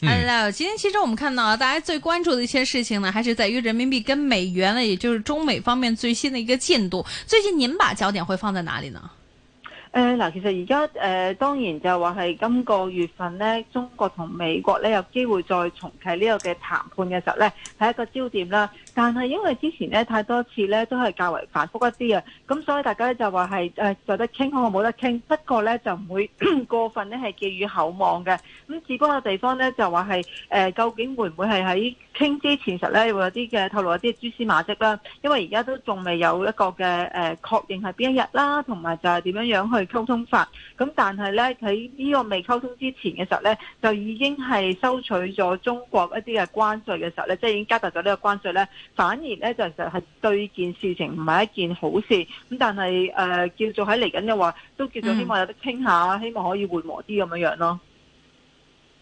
hello、嗯、今天其實我們看到啊，大家最關注的一些事情呢，還是在於人民幣跟美元呢，也就是中美方面最新的一個進度。最近您把焦點會放在哪裡呢？誒嗱，呃，其實而家誒，當然就話係今個月份呢，中國同美國呢，有機會再重啟呢個嘅談判嘅時候呢，係一個焦點啦。但係因為之前咧太多次咧都係較為繁複一啲啊，咁所以大家咧就話係、啊、就得傾，可能冇得傾。不過咧就唔會 過分咧係寄予厚望嘅。咁至多嘅地方咧就話係、呃、究竟會唔會係喺傾之前實咧會有啲嘅透露一啲蛛絲馬跡啦。因為而家都仲未有一個嘅誒確認係邊一日啦，同埋就係點樣樣去溝通法。咁但係咧喺呢個未溝通之前嘅時候咧，就已經係收取咗中國一啲嘅關稅嘅時候咧，即、就、係、是、已經加提咗呢個關稅咧。反而咧就實係對件事情唔係一件好事，咁但係誒、呃、叫做喺嚟緊嘅話，都叫做希望有得傾下，嗯、希望可以緩和啲咁樣樣咯。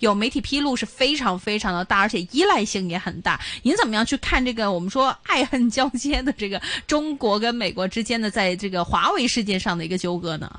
有媒體披露是非常非常的大，而且依賴性也很大。您怎麼樣去看這個我們說愛恨交接的這個中國跟美國之間的在這個華為事件上的一個糾葛呢？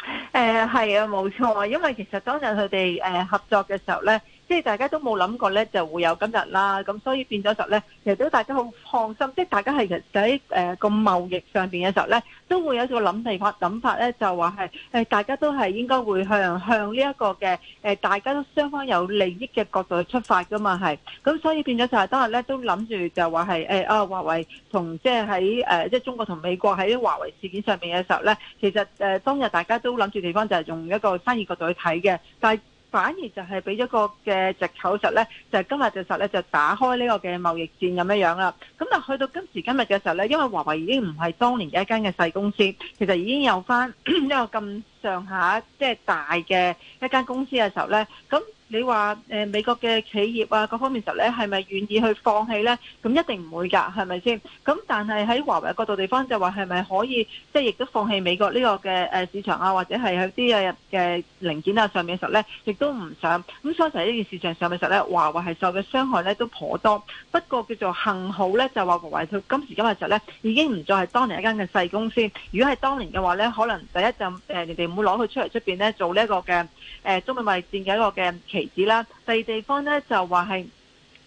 誒、呃，係啊，冇錯啊，因為其實當日佢哋誒合作嘅時候咧。即係大家都冇諗過咧，就會有今日啦，咁所以變咗就咧，其實都大家好放心，即係大家係其實喺誒個貿易上邊嘅時候咧，都會有一個諗地法諗法咧，就話係誒大家都係應該會向向呢一個嘅誒大家都雙方有利益嘅角度去出發噶嘛係，咁所以變咗就係當日咧都諗住就話係誒啊，華為同即係喺誒即係中國同美國喺華為事件上邊嘅時候咧，其實誒當日大家都諗住地方就係用一個生意角度去睇嘅，但反而就係俾咗個嘅藉口，實咧就係今日嘅時候咧，就打開呢個嘅貿易戰咁樣樣啦。咁但去到今時今日嘅時候咧，因為華為已經唔係當年嘅一間嘅細公司，其實已經有翻一個咁上下，即係大嘅一間公司嘅時候咧，咁。你話誒美國嘅企業啊各方面嘅時候咧，係咪願意去放棄呢？咁一定唔會㗎，係咪先？咁但係喺華為角度地方就話係咪可以即係亦都放棄美國呢個嘅市場啊，或者係有啲誒嘅零件啊上面嘅時候呢，亦都唔想。咁所以喺呢件事情上面嘅時候呢，華為係受嘅傷害呢都頗多。不過叫做幸好呢，就話華為佢今時今日嘅時候呢已經唔再係當年一間嘅細公司。如果係當年嘅話呢，可能第一陣誒人哋唔會攞佢出嚟出邊呢，做呢個嘅誒中美貿易戰嘅一個嘅。旗子啦，第二地方咧就話係，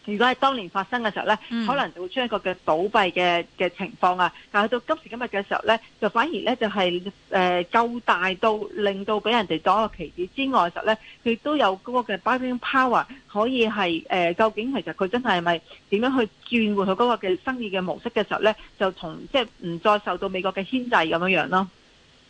如果係當年發生嘅時候咧，嗯、可能就會出現一個嘅倒閉嘅嘅情況啊。但係到今時今日嘅時候咧，就反而咧就係誒夠大到令到俾人哋當個棋子之外嘅時候咧，佢都有個嘅 buying power，可以係誒、呃、究竟其實佢真係咪點樣去轉換佢嗰個嘅生意嘅模式嘅時候咧，就同即係唔再受到美國嘅牽制咁樣樣咯。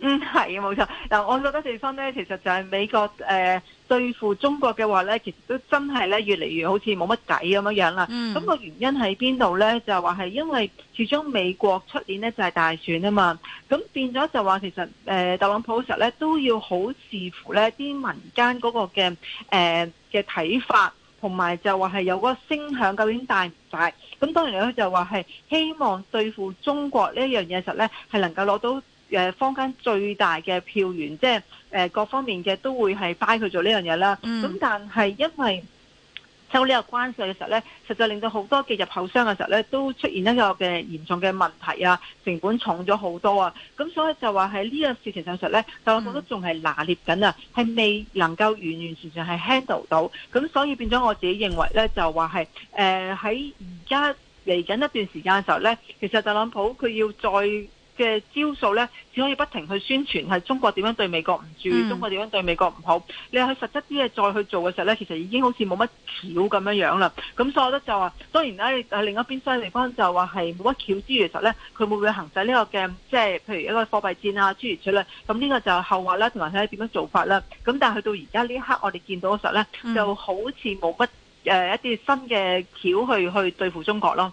嗯，係啊，冇錯。嗱，我覺得地方咧，其實就係美國誒、呃、對付中國嘅話咧，其實都真係咧越嚟越好似冇乜計咁樣樣啦。咁、嗯、個原因喺邊度咧？就係話係因為始終美國出年咧就係、是、大選啊嘛，咁變咗就話其實誒、呃、特朗普實咧都要好視乎咧啲民間嗰個嘅誒嘅睇法，同埋就話係有個聲響究竟大唔大？咁當然嚟講就話係希望對付中國呢一樣嘢實咧係能夠攞到。誒坊間最大嘅票源，即係誒各方面嘅都會係 buy 佢做呢樣嘢啦。咁、嗯、但係因為收呢個關稅嘅時候咧，實在令到好多嘅入口商嘅時候咧，都出現一個嘅嚴重嘅問題啊，成本重咗好多啊。咁所以就話喺呢個事情上嚟咧，特朗普都仲係拿捏緊啊，係、嗯、未能夠完完全全係 handle 到。咁所以變咗我自己認為咧，就話係誒喺而家嚟緊一段時間嘅時候咧，其實特朗普佢要再。嘅招數咧，只可以不停去宣傳係中國點樣對美國唔住，嗯、中國點樣對美國唔好。你去實質啲嘢再去做嘅時候咧，其實已經好似冇乜橋咁樣樣啦。咁所以我覺得就話當然咧，另一邊西地方就話係冇乜橋之餘時呢，實咧佢會唔會行使呢個嘅，即係譬如一個貨幣戰啊諸如此類。咁呢個就後話啦，同埋睇點樣做法啦。咁但係去到而家呢一刻我哋見到嘅時候咧，嗯、就好似冇乜誒一啲新嘅橋去去對付中國咯。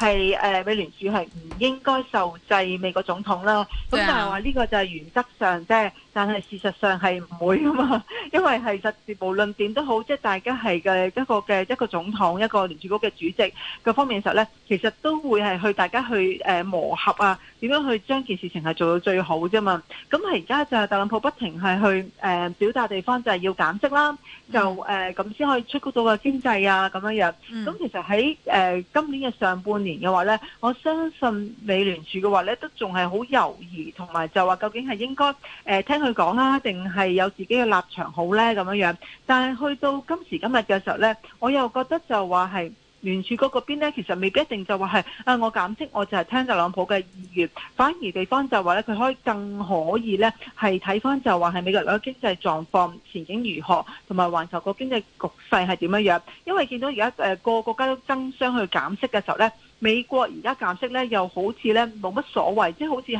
係誒、呃，美聯儲係唔應該受制美國總統啦。咁的但係話呢個就係原則上即係，但係事實上係唔會㗎嘛。因為係實事，無論點都好，即係大家係嘅一個嘅一個總統，一個聯儲局嘅主席各方面時候咧，其實都會係去大家去誒磨合啊，點樣去將件事情係做到最好啫嘛。咁而家就係特朗普不停係去誒表達地方，就係、是、要減息啦，就誒咁先可以出到個經濟啊咁樣樣。咁、嗯、其實喺誒、呃、今年嘅上半年，嘅話咧，我相信美聯儲嘅話咧，都仲係好猶豫，同埋就話究竟係應該誒、呃、聽佢講啊，定係有自己嘅立場好咧咁樣樣。但係去到今時今日嘅時候咧，我又覺得就話係。聯儲局嗰邊呢，其實未必一定就話係啊，我減息，我就係聽特朗普嘅意願，反而地方就話咧，佢可以更可以咧，係睇翻就話係美國嘅經濟狀況前景如何，同埋環球個經濟局勢係點樣樣，因為見到而家個個國家都爭相去減息嘅時候咧，美國而家減息咧，又好似咧冇乜所謂，即係、好似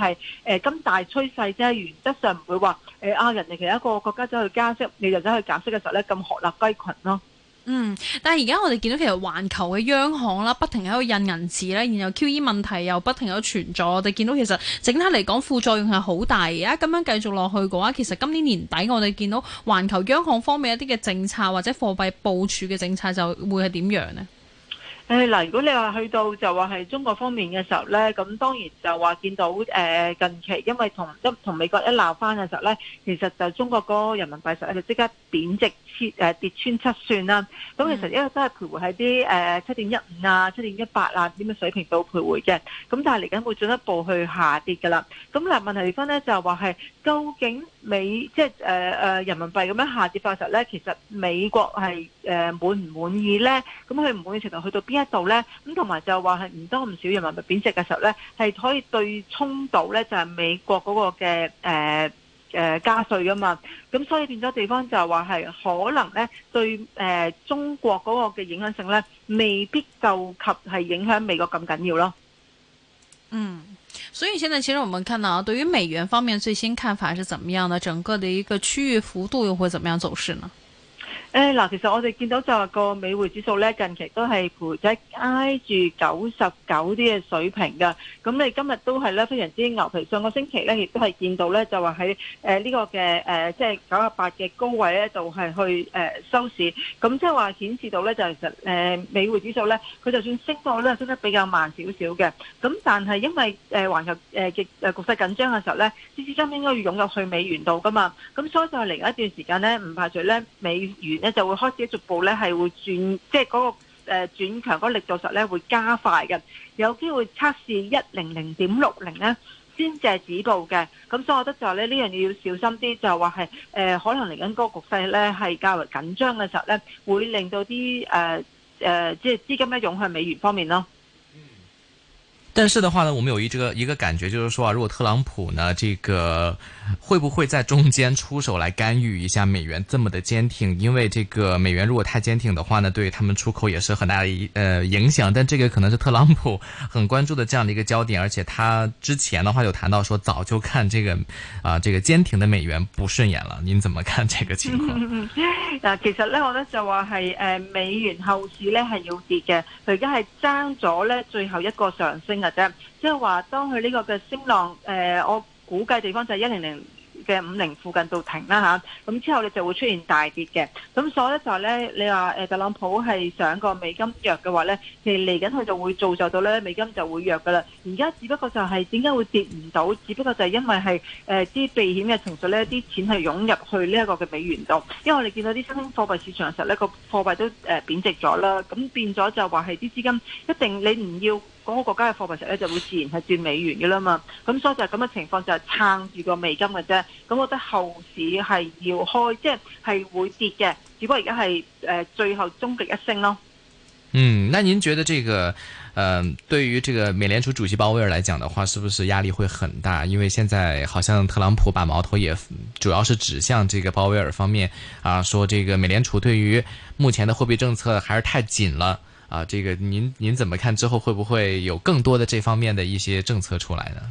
係誒咁大趨勢啫，原則上唔會話誒啊，人哋其他一個國家走去加息，你就走去減息嘅時候咧，咁學立雞群咯、啊。嗯，但係而家我哋見到其實環球嘅央行啦，不停喺度印銀紙啦，然後 QE 問題又不停有存在。我哋見到其實整體嚟講副作用係好大嘅。而家咁樣繼續落去嘅話，其實今年年底我哋見到環球央行方面一啲嘅政策或者貨幣部署嘅政策就會係點樣呢？誒，嗱，如果你話去到就話係中國方面嘅時候呢，咁當然就話見到誒、呃、近期因為同一同美國一鬧翻嘅時候呢，其實就中國個人民幣就即刻貶值。跌誒跌穿七算啦，咁其實因為都係徘徊喺啲誒七點一五啊、七點一八啊啲咁嘅水平度徘徊嘅，咁但係嚟緊會進一步去下跌噶啦。咁嗱問題嚟翻呢就係話係究竟美即係誒誒人民幣咁樣下跌嘅時候咧，其實美國係誒、呃、滿唔滿意咧？咁佢唔滿意程度去到邊一度咧？咁同埋就話係唔多唔少人民幣貶值嘅時候咧，係可以對沖到咧就係、是、美國嗰個嘅誒。呃誒、呃，加稅噶嘛，咁所以變咗地方就話係可能咧，對誒、呃、中國嗰個嘅影響性咧，未必就及係影響美國咁緊要咯。嗯，所以現在其實我們看到啊，對於美元方面最新看法是怎麼樣呢？整個的一個區域幅度又會怎麼樣走勢呢？誒嗱，其實我哋見到就話個美匯指數咧，近期都係徘徊喺挨住九十九啲嘅水平㗎。咁你今日都係咧非常之牛皮。上個星期咧，亦都係見到咧就話喺誒呢個嘅誒即係九十八嘅高位咧度，就係去誒收市。咁即係話顯示到咧就係實誒美匯指數咧，佢就算升落咧升得比較慢少少嘅。咁但係因為誒環球誒誒局勢緊張嘅時候咧，資金應該要湧入去美元度㗎嘛。咁所以就嚟一段時間咧，唔排除咧美元。咧就會開始逐步咧係會轉，即係嗰個誒轉強嗰個力度實咧會加快嘅，有機會測試一零零點六零咧先至係止步嘅。咁所以我覺得就係呢樣嘢要小心啲，就係話係誒可能嚟緊嗰個局勢咧係較為緊張嘅時候咧，會令到啲誒誒即係資金咧湧向美元方面咯。但是的話呢，我們有一這個一個感覺，就是說啊，如果特朗普呢，這個會不會在中間出手來干預一下美元這麼的堅挺？因為這個美元如果太堅挺的話呢，對他們出口也是很大的一呃影響。但這個可能是特朗普很關注的這樣的一個焦點，而且他之前的話有談到說，早就看這個啊、呃、這個堅挺的美元不順眼了。您怎麼看這個情況？嗯嗯。那其實呢，我呢就話是呃美元後市呢，係要跌嘅，佢而家係爭咗呢最後一個上升。啫，即係話當佢呢個嘅升浪，誒、呃，我估計地方就係一零零嘅五零附近度停啦吓，咁、啊、之後你就會出現大跌嘅。咁所以就係咧，你話誒特朗普係上個美金弱嘅話咧，其實嚟緊佢就會造就到咧美金就會弱噶啦。而家只不過就係點解會跌唔到，只不過就係因為係誒啲避險嘅情緒咧，啲錢係湧入去呢一個嘅美元度，因為我哋見到啲新興貨幣市場嘅時候咧個貨幣都誒貶值咗啦，咁變咗就話係啲資金一定你唔要。嗰個國家嘅貨幣值咧就會自然係轉美元嘅啦嘛，咁所以就係咁嘅情況就係撐住個美金嘅啫，咁我覺得後市係要開，即係係會跌嘅，只不過而家係誒最後終極一聲咯。嗯，那您覺得這個，呃、對對於個個美聯儲主席鮑威爾來講的話，是不是壓力會很大？因為現在好像特朗普把矛頭也主要是指向這個鮑威爾方面啊，說這個個美聯儲對於目前的貨幣政策還是太緊了。啊，這個您您怎麼看之後會不會有更多的這方面的一些政策出來呢？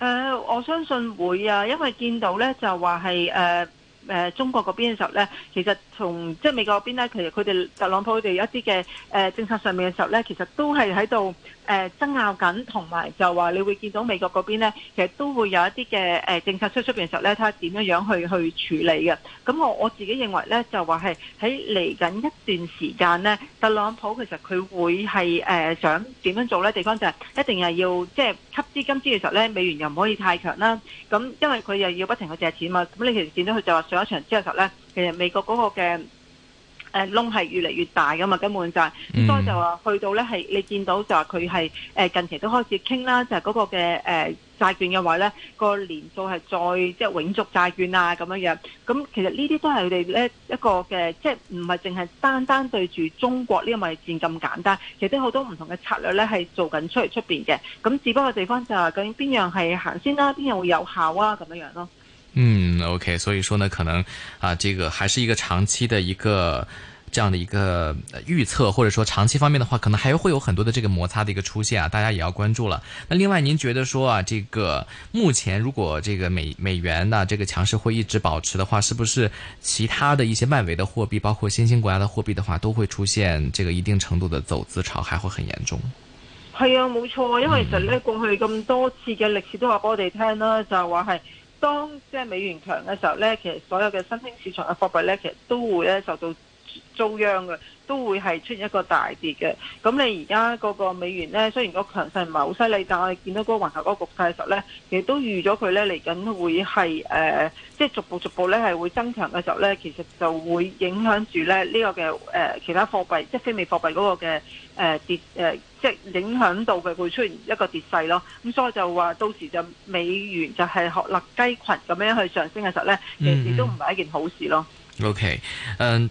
誒、呃，我相信會啊，因為見到呢就話係誒誒中國嗰邊嘅時候呢，其實從即係美國嗰邊呢，其實佢哋特朗普佢哋一啲嘅誒政策上面嘅時候呢，其實都係喺度。誒爭拗緊，同埋就話你會見到美國嗰邊呢，其實都會有一啲嘅政策出出邊嘅時候呢，睇下點樣樣去去處理嘅。咁我我自己認為呢，就話係喺嚟緊一段時間呢，特朗普其實佢會係、呃、想點樣做呢？地方就係一定係要即係、就是、吸資金資嘅時候呢，美元又唔可以太強啦。咁因為佢又要不停去借錢嘛。咁你其實見到佢就話上一場之後時候呢，其實美國嗰個嘅。誒窿係越嚟越大噶嘛，根本就係、是，嗯、所以就話去到咧係你見到就話佢係近期都開始傾啦，就係、是、嗰個嘅誒、呃、債券嘅話咧，個年數係再即係、就是、永續債券啊咁樣樣，咁其實呢啲都係佢哋咧一個嘅，即係唔係淨係單單對住中國呢個貿易戰咁簡單，其實都好多唔同嘅策略咧係做緊出嚟出面嘅，咁只不過地方就係究竟邊樣係行先、啊、啦，邊樣會有效啊咁樣樣咯。嗯，OK，所以說呢，可能啊，這個還是一個長期的一個這樣的一個預測，或者說長期方面的話，可能還會有很多的這個摩擦的一個出現啊，大家也要關注了。那另外，您覺得說啊，這個目前如果這個美美元呢、啊、這個強勢會一直保持的話，是不是其他的一些外圍的貨幣，包括新興國家的貨幣的話，都會出現這個一定程度的走資潮，還會很嚴重？係啊，冇錯，因為其實呢，過去咁多次嘅歷史都話俾我哋聽啦，就係話係。當即係美元強嘅時候咧，其實所有嘅新興市場嘅貨幣咧，其實都會咧受到，遭殃嘅都會係出現一個大跌嘅。咁你而家嗰個美元咧，雖然個強勢唔係好犀利，但係見到嗰個環球嗰個局勢嘅時候咧，其實都預咗佢咧嚟緊會係誒，即、呃、係、就是、逐步逐步咧係會增強嘅時候咧，其實就會影響住咧呢、這個嘅誒、呃、其他貨幣，即係非美貨幣嗰個嘅誒跌誒，即係影響到佢會出現一個跌勢咯。咁、嗯、所以就話到時就美元就係鶴立雞群咁樣去上升嘅時候咧，其實都唔係一件好事咯。OK，誒、uh。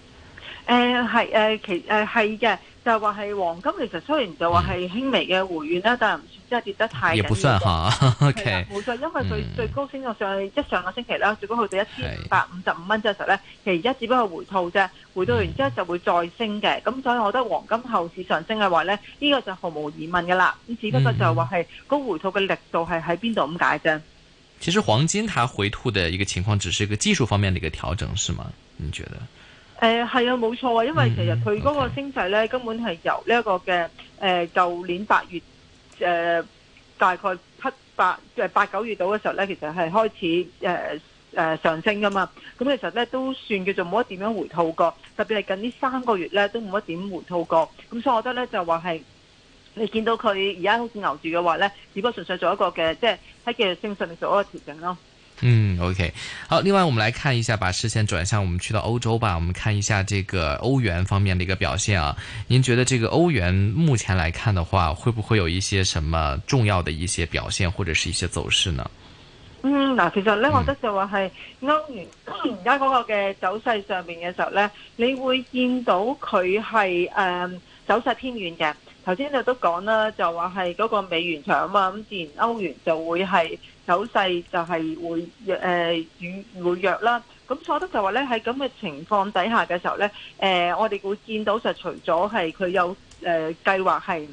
誒係誒其誒係嘅，就話、是、係黃金其實雖然就話係輕微嘅回軟啦，嗯、但係唔算真係跌得太緊。也不算吓冇 錯，因為佢最高升到上去一、嗯、上個星期啦，最高去到一千五百五十五蚊嗰時候咧，其實而家只不過回吐啫，回吐完之後就會再升嘅。咁、嗯、所以我覺得黃金後市上升嘅話咧，呢、這個就毫無疑問噶啦。咁只不過就話係嗰回吐嘅力度係喺邊度咁解啫。其實黃金它回吐嘅一個情況，只是一個技術方面嘅一個調整，是嗎？你覺得？誒係啊，冇錯啊，因為其實佢嗰個升勢咧，根本係由呢一個嘅誒舊年八月誒、呃、大概七八誒八九月度嘅時候咧，其實係開始誒誒、呃呃、上升噶嘛。咁、嗯、其實咧都算叫做冇乜點樣回吐過，特別係近呢三個月咧都冇乜點回吐過。咁、嗯、所以我覺得咧就話係你見到佢而家好似牛住嘅話咧，如果純粹做一個嘅即係喺嘅升實你做一個調整咯。嗯，OK，好。另外，我們來看一下，把視線轉向我們去到歐洲吧。我們看一下這個歐元方面的一個表現啊。您覺得這個歐元目前來看的話，會不會有一些什麼重要的一些表現或者是一些走勢呢？嗯，嗱，其實咧，我覺得就話係歐元而家嗰個嘅走勢上面嘅時候咧，你會見到佢係誒走勢偏軟嘅。頭先你都講啦，就話係嗰個美元強啊嘛，咁自然歐元就會係走勢就係會弱，誒、呃，與會弱啦。咁所得我都就話咧，喺咁嘅情況底下嘅時候咧，誒、呃，我哋會見到就除咗係佢有誒、呃、計劃係。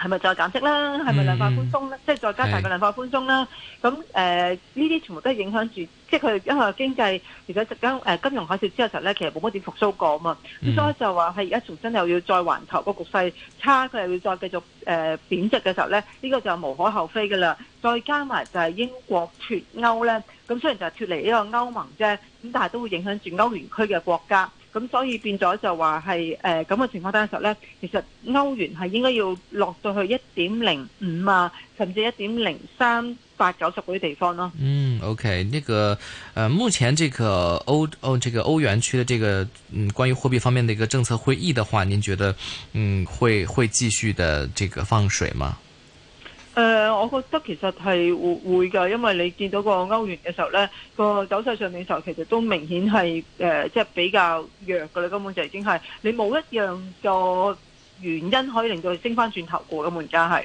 係咪再減息啦？係咪量化寬鬆咧？嗯、即係再加大個量化寬鬆啦？咁誒呢啲全部都係影響住，即係佢因為經濟而家特登誒金融海嘯之後嘅時候咧，其實冇乜點復甦過啊嘛。咁、嗯、所以就話係而家重新又要再環球個局勢差，佢又要再繼續誒、呃、貶值嘅時候咧，呢、呢個就無可厚非㗎啦。再加埋就係英國脱歐咧，咁雖然就係脱離呢個歐盟啫，咁但係都會影響住歐元區嘅國家。咁所以變咗就話係誒咁嘅情況底下時候呢，候咧其實歐元係應該要落到去一點零五啊，甚至一點零三八九十嗰啲地方咯。嗯，OK，呢、那個呃目前這個歐哦這個歐元區的這個嗯關於貨幣方面嘅一個政策會議的話，您覺得嗯會會繼續的這個放水嗎呃。我覺得其實係會會㗎，因為你見到個歐元嘅時候呢，個走勢上面時候其實都明顯係誒，即、呃、係、就是、比較弱㗎啦。根本就已經係你冇一樣個原因可以令到佢升翻轉頭過咁，而家係。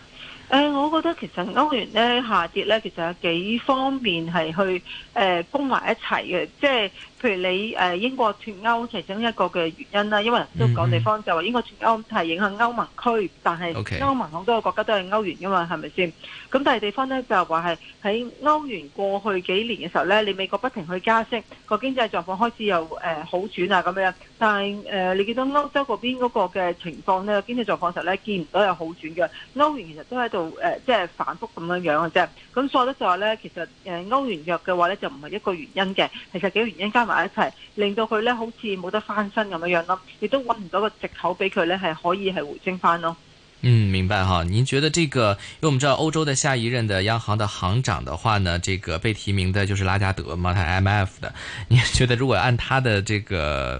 誒、呃，我覺得其實歐元咧下跌咧，其實有幾方面係去誒攻埋一齊嘅，即係譬如你誒、呃、英國脫歐其中一個嘅原因啦，因為人都講地方就話英國脫歐係影響歐盟區，但係歐盟好多個國家都係歐元㗎嘛，係咪先？咁第二地方咧就話係喺歐元過去幾年嘅時候咧，你美國不停去加息，個經濟狀況開始又、呃、好轉啊咁樣但係誒、呃，你見到歐洲嗰邊嗰個嘅情況呢，經濟狀況實咧見唔到有好轉嘅，歐元其實都喺度誒，即係反覆咁樣樣嘅啫。咁所以咧就話咧，其實誒歐元弱嘅話咧，就唔係一個原因嘅，其實幾個原因加埋一齊，令到佢咧好似冇得翻身咁樣樣咯，亦都揾唔到個藉口俾佢咧係可以係回升翻咯。嗯，明白哈。您覺得這個，因為我們知道歐洲的下一任的央行的行長的話呢，這個被提名的就是拉加德嘛，他 M F 的。您覺得如果按他的這個？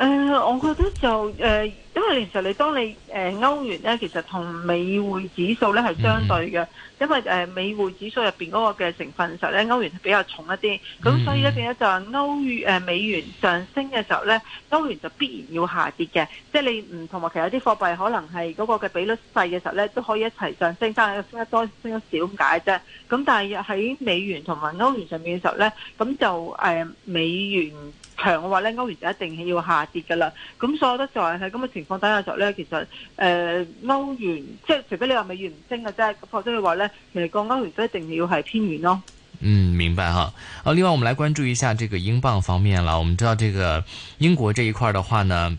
誒、呃，我覺得就誒、呃，因為其實你當你誒歐、呃、元咧，其實同美匯指數咧係相對嘅，mm hmm. 因為誒、呃、美匯指數入面嗰個嘅成分時候咧，歐元係比較重一啲，咁、mm hmm. 所以咧變咗就歐、是、元誒、呃、美元上升嘅時候咧，歐元就必然要下跌嘅，即你唔同埋其他啲貨幣可能係嗰個嘅比率細嘅時候咧，都可以一齊上升，但係升得多升得少咁解啫。咁但係喺美元同埋歐元上面嘅時候咧，咁就誒、呃、美元。長嘅話咧，歐元就一定要下跌噶啦。咁所以，我覺得在喺咁嘅情況底下，就咧其實誒歐元，即係除非你話美元唔升嘅啫，否則嘅話咧，其實降歐元都一定要係偏軟咯。嗯，明白哈。啊，另外我們嚟關注一下這個英鎊方面啦。我們知道，這個英國這一塊的話呢，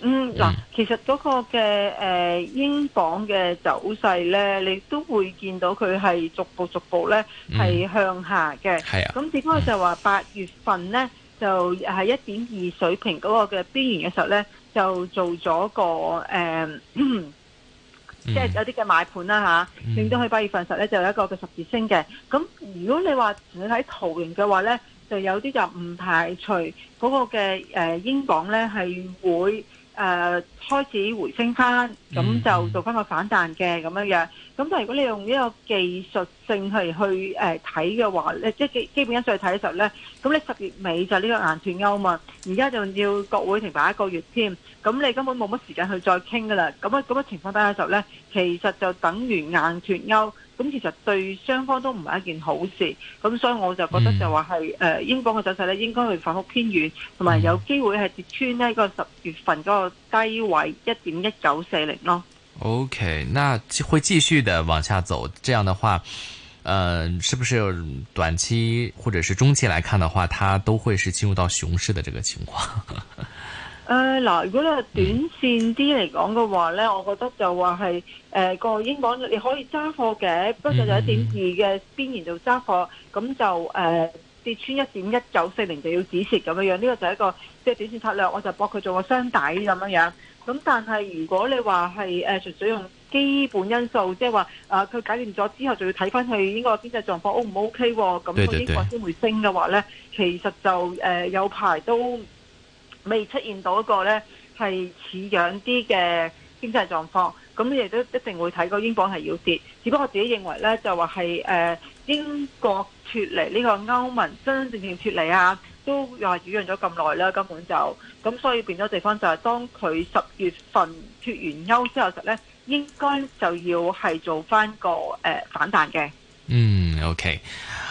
嗯嗱，嗯其實嗰個嘅誒英鎊嘅走勢咧，你都會見到佢係逐步逐步咧係向下嘅。係、嗯、啊，咁只不過就話八月份咧就係一點二水平嗰個嘅邊緣嘅時候咧，就做咗個誒，嗯嗯、即係有啲嘅買盤啦吓，嗯、令到佢八月份時咧就有一個嘅十字星嘅。咁如果你話你睇圖形嘅話咧，就有啲就唔排除嗰個嘅誒英鎊咧係會。誒、呃、開始回升翻，咁就做翻個反彈嘅咁樣樣。嗯嗯咁但係如果你用呢個技術性係去誒睇嘅話咧，即基基本因素去睇嘅時候咧，咁你十月尾就呢個硬脱歐嘛，而家就要國會停擺一個月添，咁你根本冇乜時間去再傾噶啦。咁樣咁樣情況底下嘅時候咧，其實就等於硬脱歐，咁其實對雙方都唔係一件好事。咁所以我就覺得就話係、嗯、英國嘅走勢咧，應該去反覆偏軟同埋有機會係跌穿呢個十月份嗰個低位一點一九四零咯。O、okay, K，那會繼續的往下走，這樣的話，嗯、呃，是不是短期或者是中期來看的話，它都會是進入到熊市的這個情況？誒、 呃，嗱，如果你係短線啲嚟講嘅話呢、嗯、我覺得就話係誒個英鎊你可以揸貨嘅，嗯、不過就一點二嘅邊緣度揸貨，咁、嗯、就誒、呃、跌穿一點一九四零就要止蝕咁樣樣，呢、這個就係一個即係、就是、短線策略，我就搏佢做個雙底咁樣樣。咁但係如果你話係誒純粹用基本因素，即係話啊，佢解決咗之後，就要睇翻佢英國經濟狀況 O 唔 O K 喎，咁、哦啊嗯、英國先會升嘅話咧，其實就誒、呃、有排都未出現到一個咧係似樣啲嘅經濟狀況，咁你哋都一定會睇過英鎊係要跌。只不過我自己認為咧，就話係誒英國脱離呢個歐盟，真真正正脱離啊！都又係主揚咗咁耐啦，根本就咁，所以變咗地方就係當佢十月份脱完鈎之後實咧，應該就要係做翻個誒、呃、反彈嘅。嗯，OK。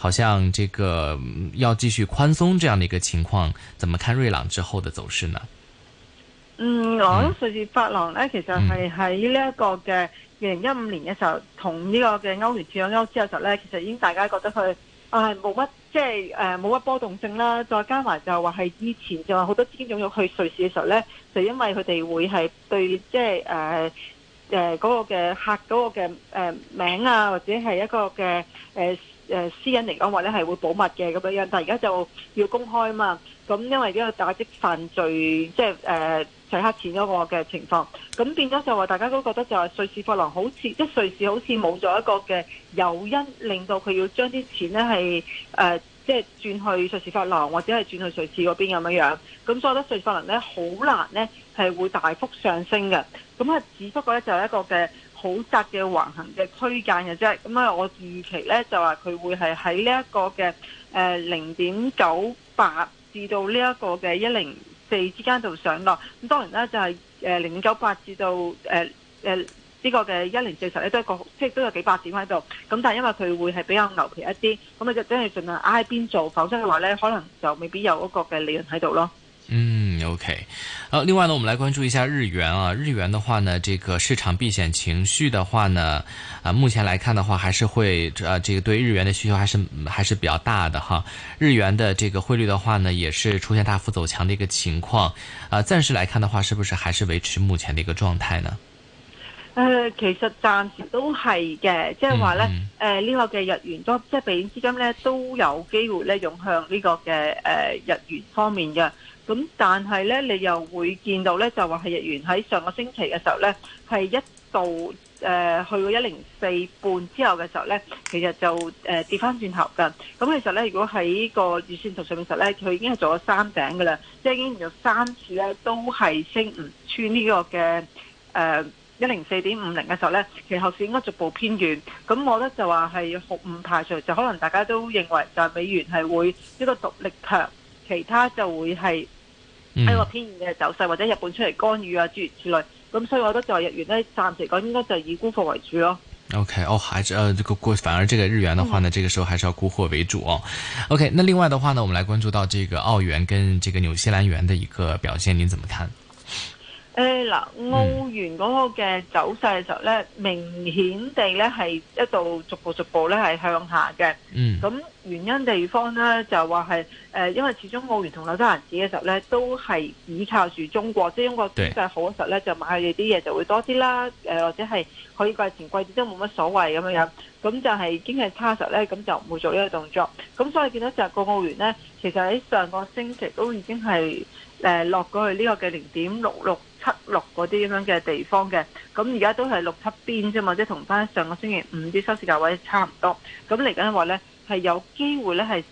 好像這個要繼續寬鬆這樣的一個情況，怎麼看瑞朗之後的走勢呢？嗯，瑞士法郎呢，其實係喺呢一個嘅二零一五年嘅時候，同呢個嘅歐元脫歐之後嘅時候呢，其實已經大家覺得佢啊係冇乜，即係誒冇乜波動性啦。再加埋就話係以前就話好多資金湧要去瑞士嘅時候呢，就因為佢哋會係對即係誒誒嗰個嘅客嗰個嘅誒名啊，或者係一個嘅誒。呃誒私隱嚟講話呢係會保密嘅咁樣樣，但而家就要公開啊嘛。咁因為呢個打擊犯罪，即係誒洗黑錢嗰個嘅情況，咁變咗就話大家都覺得就係瑞士法郎好似即係瑞士好似冇咗一個嘅誘因，令到佢要將啲錢呢係誒即係轉去瑞士法郎或者係轉去瑞士嗰邊咁樣樣。咁所以我覺得瑞士法郎呢好難呢係會大幅上升嘅。咁啊，只不過咧就係一個嘅。好窄嘅橫行嘅區間嘅啫，咁啊，我預期咧就話佢會係喺呢一個嘅誒零點九八至到呢一個嘅一零四之間度上落。咁當然啦就係誒零點九八至到誒誒呢個嘅一零四十咧都係個即係都有幾百點喺度。咁但係因為佢會係比較牛皮一啲，咁啊就真係盡量挨邊做，否則嘅話咧可能就未必有嗰個嘅利潤喺度咯。嗯。OK，另外呢，我們來關注一下日元啊。日元的話呢，這個市場避險情緒的話呢，啊，目前來看的話，還是會呃、啊，這個對日元的需求還是還是比較大的哈。日元的這個匯率的話呢，也是出現大幅走強的一個情況啊。暫時來看的話，是不是還是維持目前的一個狀態呢？呃、其實暫時都係嘅，即係話呢，誒、嗯，呢、呃呢個嘅日元都即係避險資金呢，都有機會咧湧向呢個嘅誒、呃、日元方面嘅。咁但係咧，你又會見到咧，就話日元喺上個星期嘅時候咧，係一度誒、呃、去到一零四半之後嘅時候咧，其實就誒、呃、跌翻轉頭㗎。咁其實咧，如果喺個預算圖上面實咧，佢已經係做咗三頂㗎啦，即係已經有三次咧都係升唔穿呢個嘅誒一零四點五零嘅時候咧，其實後市應該逐步偏遠。咁我覺就就話係唔排除，就可能大家都認為就是，美元係會呢個獨立強，其他就會係，喺話、哎、偏弱嘅走勢，或者日本出嚟干預啊諸如此類，咁所以我覺得就係日元咧，暫時講應該就係以沽貨為主咯。O K，哦，okay, 哦還是，呃，誒，個反而這個日元的話呢，嗯、這個時候還是要沽貨為主哦。O、okay, K，那另外的話呢，我們來關注到這個澳元跟這個紐西蘭元的一個表現，您怎麼看？誒嗱，澳元嗰個嘅走勢嘅時候咧，明顯地咧係一度逐步逐步咧係向下嘅。嗯，咁原因地方咧就話係誒，因為始終澳元同紐西蘭紙嘅時候咧，都係倚靠住中國，即係中國經濟好嘅時候咧，就買佢哋啲嘢就會多啲啦。誒或者係可以價錢貴啲都冇乜所謂咁樣樣，咁就係經濟差嘅時候咧，咁就唔會做呢個動作。咁所以見到成個澳元咧，其實喺上個星期都已經係誒落過去呢個嘅零點六六七六嗰啲咁樣嘅地方嘅，咁而家都係六七邊啫嘛，即係同翻上個星期五啲收市價位差唔多。咁嚟緊嘅話呢，係有機會呢，係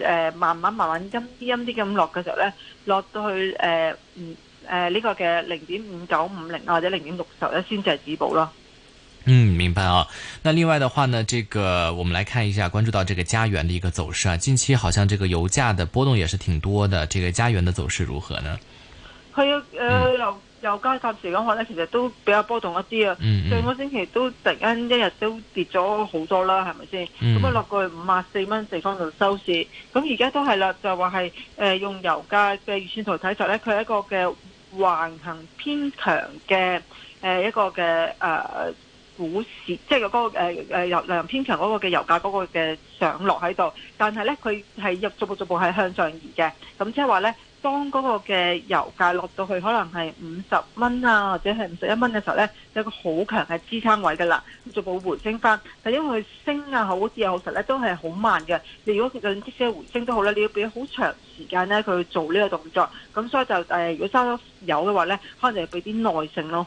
誒慢慢慢慢陰啲陰啲咁落嘅時候呢，落到去誒嗯誒呢個嘅零點五九五零或者零點六十呢，先至係止步咯。嗯，明白啊。那另外嘅話呢，這個我們來看一下，關注到這個加元的一個走勢啊。近期好像這個油價的波動也是挺多的，這個加元的走勢如何呢？佢誒、嗯油價暫時嚟講咧，其實都比較波動一啲啊！Mm hmm. 上個星期都突然間一日都跌咗好多啦，係咪先？咁啊落去五啊四蚊地方度收市。咁而家都係啦，就話係誒用油價嘅預算圖睇就咧，佢係一個嘅橫行偏強嘅誒、呃、一個嘅誒、呃、股市，即係嗰、嗰個誒油量偏強嗰個嘅油價嗰個嘅上落喺度。但係咧，佢係入逐步逐步係向上移嘅。咁即係話咧。當嗰個嘅油價落到去可能係五十蚊啊，或者係五十一蚊嘅時候呢，有個好強嘅支撐位㗎啦，逐步回升翻。但因因為佢升啊，好似又好實呢，都係好慢嘅。你如果就算即使回升都好啦，你要俾好長時間呢，佢做呢個動作。咁所以就誒，如果收咗油嘅話呢，可能就要俾啲耐性咯。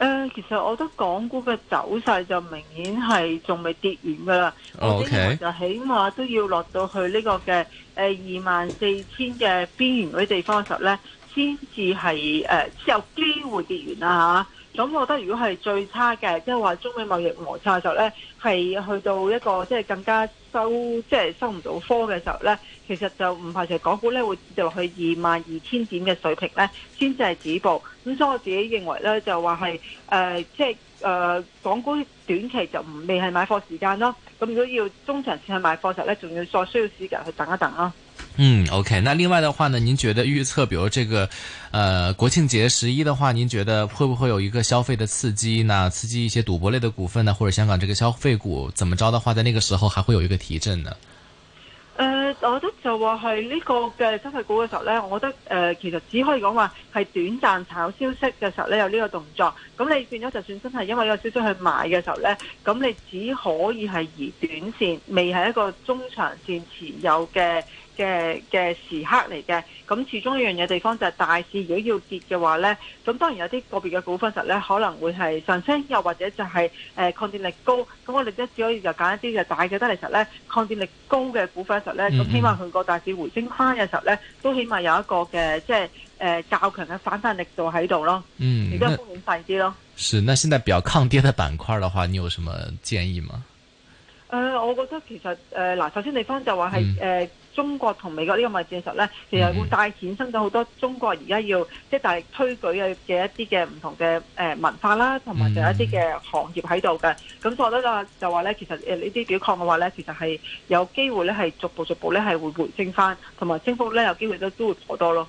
誒、呃，其實我覺得港股嘅走勢就明顯係仲未跌完㗎啦，Okay. 我啲人就起碼都要落到去呢個嘅誒二萬四千嘅邊緣嗰啲地方時候咧，先至係誒有機會跌完啊嚇。咁我覺得如果係最差嘅，即係話中美貿易摩擦嘅時候咧，係去到一個即係更加收即係、就是、收唔到科嘅時候咧，其實就唔排除港股咧會跌到去二萬二千點嘅水平咧，先至係止步。咁所以我自己認為咧，就話係誒，即係誒，港股短期就唔未係買貨時間咯。咁如果要中長線去買貨嘅時候咧，仲要再需要時間去等一等咯。嗯，OK，那另外的話呢？您覺得預測，比如這個，呃，國慶節十一的話，您覺得會不會有一個消費的刺激呢？刺激一些賭博類的股份呢？或者香港這個消費股怎麼着的話，在那個時候還會有一個提振呢？呃、我覺得就話係呢個嘅消費股嘅時候呢，我覺得誒、呃，其實只可以講話係短暫炒消息嘅時候呢，有呢個動作，咁你變咗就算真係因為呢個消息去買嘅時候呢，咁你只可以係而短線，未係一個中長線持有嘅。嘅嘅時刻嚟嘅，咁、嗯、始終一樣嘢地方就係大市，如果要跌嘅話咧，咁當然有啲個別嘅股份實咧可能會係上升，又或者就係、是、誒、呃、抗跌力高，咁我哋都只可以就揀一啲嘅大嘅得其實咧抗跌力高嘅股份實咧，咁希望佢個大市回升翻嘅時候咧，都起碼有一個嘅即係誒較強嘅反彈力度喺度咯，嗯，亦都風險快啲咯。是，那現在比較抗跌嘅板塊嘅話，你有什麼建議嗎？誒、嗯呃，我覺得其實誒嗱、呃，首先地方就話係誒。嗯中國同美國這個呢個物質實咧，其實會帶衍生咗好多中國而家要即係大力推舉嘅嘅一啲嘅唔同嘅誒文化啦，同埋就有一啲嘅行業喺度嘅。咁、嗯嗯嗯、所以我覺得就話咧，其實誒呢啲表擴嘅話咧，其實係有機會咧係逐步逐步咧係會回升翻，同埋升幅咧有機會都都會好多多咯。